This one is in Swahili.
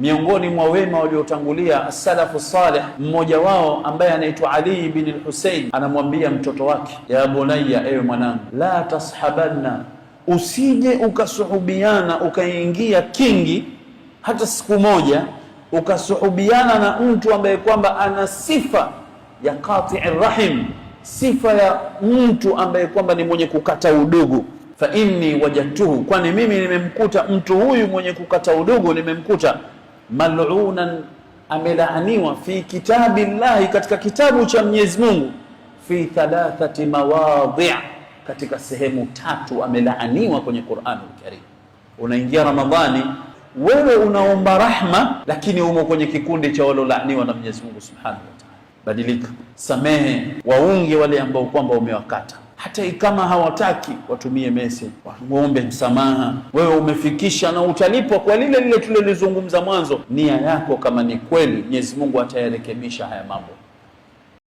Miongoni mwa wema waliotangulia as-salafu salih, mmoja wao ambaye anaitwa Ali bin al-Husayn anamwambia mtoto wake, ya bunayya, ewe mwanangu, la tashabanna, usije ukasuhubiana ukaingia kingi hata siku moja ukasuhubiana na mtu ambaye kwamba ana sifa ya qati'ir rahim, sifa ya mtu ambaye kwamba ni mwenye kukata udugu fa inni wajadtuhu, kwani mimi nimemkuta mtu huyu mwenye kukata udugu nimemkuta malunan, amelaaniwa fi kitabi llahi, katika kitabu cha Mwenyezi Mungu, fi thalathati mawadhi, katika sehemu tatu amelaaniwa kwenye Qur'an al-Karim. Unaingia Ramadhani wewe unaomba rahma, lakini umo kwenye kikundi cha walolaaniwa na Mwenyezi Mungu Subhanahu wa Ta'ala. Badilika, samehe, waunge wale ambao kwamba umewakata hata kama hawataki watumie message, waombe msamaha. Wewe umefikisha na utalipwa kwa lile lile tulilozungumza mwanzo. Nia yako kama ni kweli, Mwenyezi Mungu atayarekebisha haya mambo.